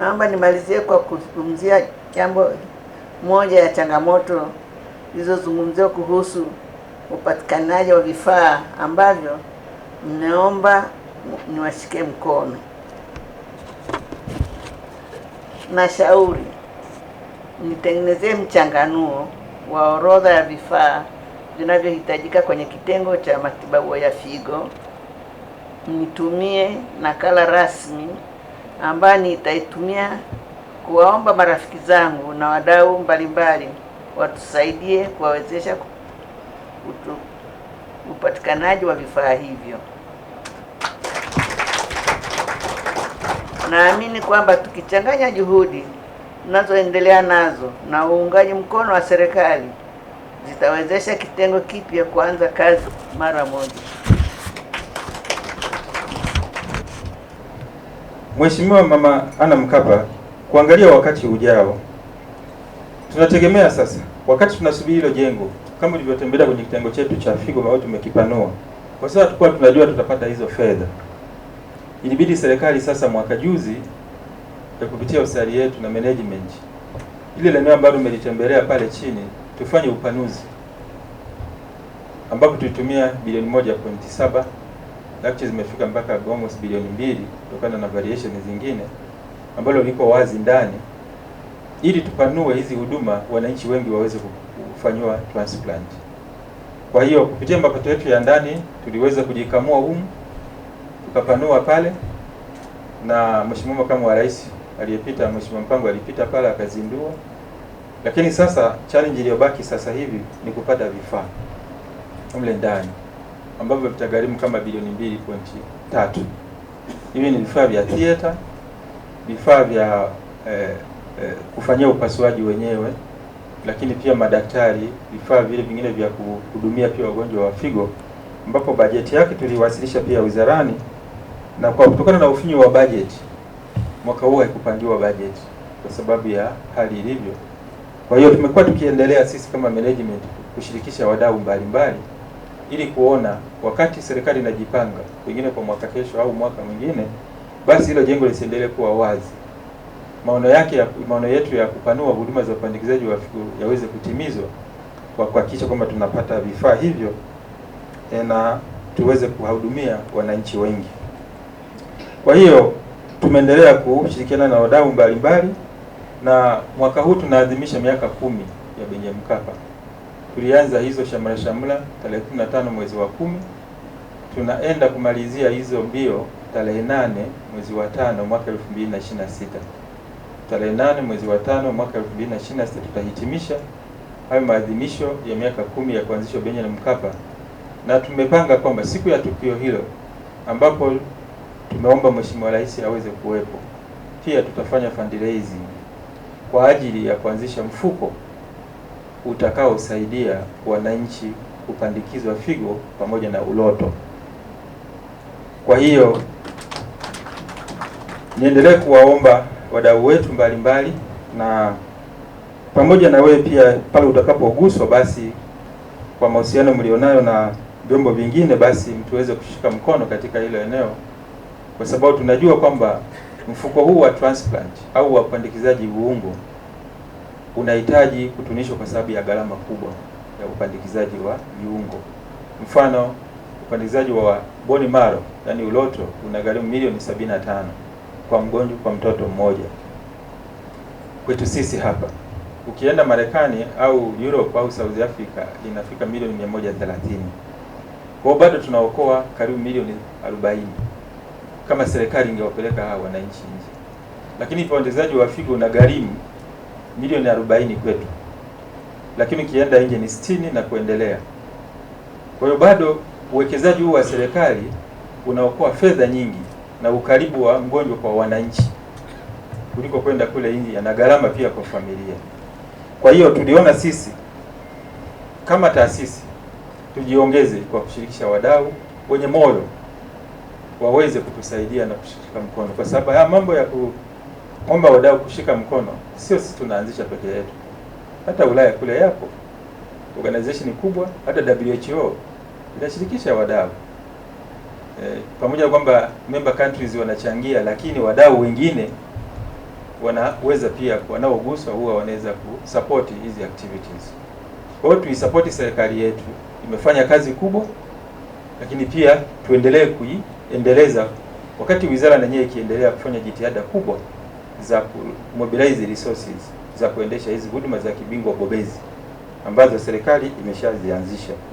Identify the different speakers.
Speaker 1: Naomba nimalizie kwa kuzungumzia jambo moja ya changamoto zilizozungumziwa kuhusu upatikanaji wa vifaa ambavyo mnaomba niwashike mkono. Nashauri nitengenezee mchanganuo wa orodha ya vifaa vinavyohitajika kwenye kitengo cha matibabu ya figo, nitumie nakala rasmi ambayo nitaitumia kuwaomba marafiki zangu na wadau mbalimbali watusaidie kuwawezesha upatikanaji wa vifaa hivyo. Naamini kwamba tukichanganya juhudi tunazoendelea nazo na uungaji mkono wa serikali zitawezesha kitengo kipya kuanza kazi mara moja.
Speaker 2: Mheshimiwa Mama Ana Mkapa kuangalia wakati ujao. Tunategemea sasa, wakati tunasubiri hilo jengo, kama ulivyotembelea kwenye kitengo chetu cha figo mauti, tumekipanua kwa sasa, tulikuwa tunajua tutapata hizo fedha, ilibidi serikali sasa mwaka juzi ya kupitia usari yetu na management ile eneo ambalo umelitembelea pale chini tufanye upanuzi ambapo tulitumia bilioni moja pointi saba Dakchi zimefika mpaka almost bilioni mbili kutokana na variation zingine ambalo liko wazi ndani, ili tupanue hizi huduma wananchi wengi waweze kufanyiwa transplant. Kwa hiyo kupitia mapato yetu ya ndani tuliweza kujikamua humu tukapanua pale, na mheshimiwa makamu wa rais aliyepita, mheshimiwa Mpango alipita pale akazindua. Lakini sasa challenge iliyobaki sasa hivi ni kupata vifaa mle ndani ambavyo vitagharimu kama bilioni mbili pointi tatu. Hivi ni vifaa vya theater, vifaa vya eh, eh, kufanyia upasuaji wenyewe, lakini pia madaktari, vifaa vile vingine vya kuhudumia pia wagonjwa wa figo, ambapo bajeti yake tuliwasilisha pia wizarani, na kwa kutokana na ufinyu wa bajeti mwaka huu haikupangiwa bajeti kwa sababu ya hali ilivyo. Kwa hiyo tumekuwa tukiendelea sisi kama management kushirikisha wadau mbalimbali ili kuona wakati serikali inajipanga pengine kwa mwaka kesho au mwaka mwingine, basi hilo jengo lisiendelee kuwa wazi, maono yake ya, maono yetu ya kupanua huduma za upandikizaji wa figo yaweze kutimizwa kwa kuhakikisha kwamba tunapata vifaa hivyo e, na tuweze kuwahudumia wananchi wengi. Kwa hiyo tumeendelea kushirikiana na wadau mbalimbali na mwaka huu tunaadhimisha miaka kumi ya Benjamin Mkapa tulianza hizo shamra shamra tarehe 15 mwezi wa kumi, tunaenda kumalizia hizo mbio tarehe nane mwezi wa tano mwaka 2026. Tarehe nane mwezi wa tano mwaka 2026 tutahitimisha hayo maadhimisho ya miaka kumi ya kuanzishwa Benjamin Mkapa, na tumepanga kwamba siku ya tukio hilo ambapo tumeomba Mheshimiwa Rais aweze kuwepo, pia tutafanya fundraising kwa ajili ya kuanzisha mfuko utakaosaidia wananchi kupandikizwa figo pamoja na uloto. Kwa hiyo niendelee kuwaomba wadau wetu mbalimbali mbali, na pamoja na wewe pia pale utakapoguswa, basi kwa mahusiano mlionayo na vyombo vingine, basi mtuweze kushika mkono katika hilo eneo, kwa sababu tunajua kwamba mfuko huu wa transplant au wa upandikizaji viungo unahitaji kutunishwa kwa sababu ya gharama kubwa ya upandikizaji wa viungo. Mfano, upandikizaji wa bone marrow, yani uloto, unagharimu milioni sabini tano kwa mgonjwa kwa mtoto mmoja kwetu sisi hapa. Ukienda Marekani au Europe au South Africa inafika milioni mia moja thelathini. Kwa bado tunaokoa karibu milioni arobaini kama serikali ingewapeleka hawa wananchi nje, lakini upandikizaji wa figo unagharimu milioni 40 kwetu, lakini ukienda nje ni 60 na kuendelea. Kwa hiyo bado uwekezaji huu wa serikali unaokoa fedha nyingi na ukaribu wa mgonjwa kwa wananchi kuliko kwenda kule nje na gharama pia kwa familia. Kwa hiyo tuliona sisi kama taasisi tujiongeze kwa kushirikisha wadau wenye moyo waweze kutusaidia na kushika mkono, kwa sababu haya mambo ya ku omba wadau kushika mkono, sio sisi tunaanzisha peke yetu. Hata Ulaya kule yapo organization kubwa, hata WHO inashirikisha wadau e, pamoja na kwamba member countries wanachangia, lakini wadau wengine wanaweza pia, wanaoguswa huwa wanaweza kusupport hizi activities. Kwa hiyo tuisupport serikali yetu, imefanya kazi kubwa, lakini pia tuendelee kuiendeleza, wakati wizara yenyewe ikiendelea kufanya jitihada kubwa za mobilize resources za kuendesha hizi huduma za kibingwa bobezi ambazo serikali imeshazianzisha.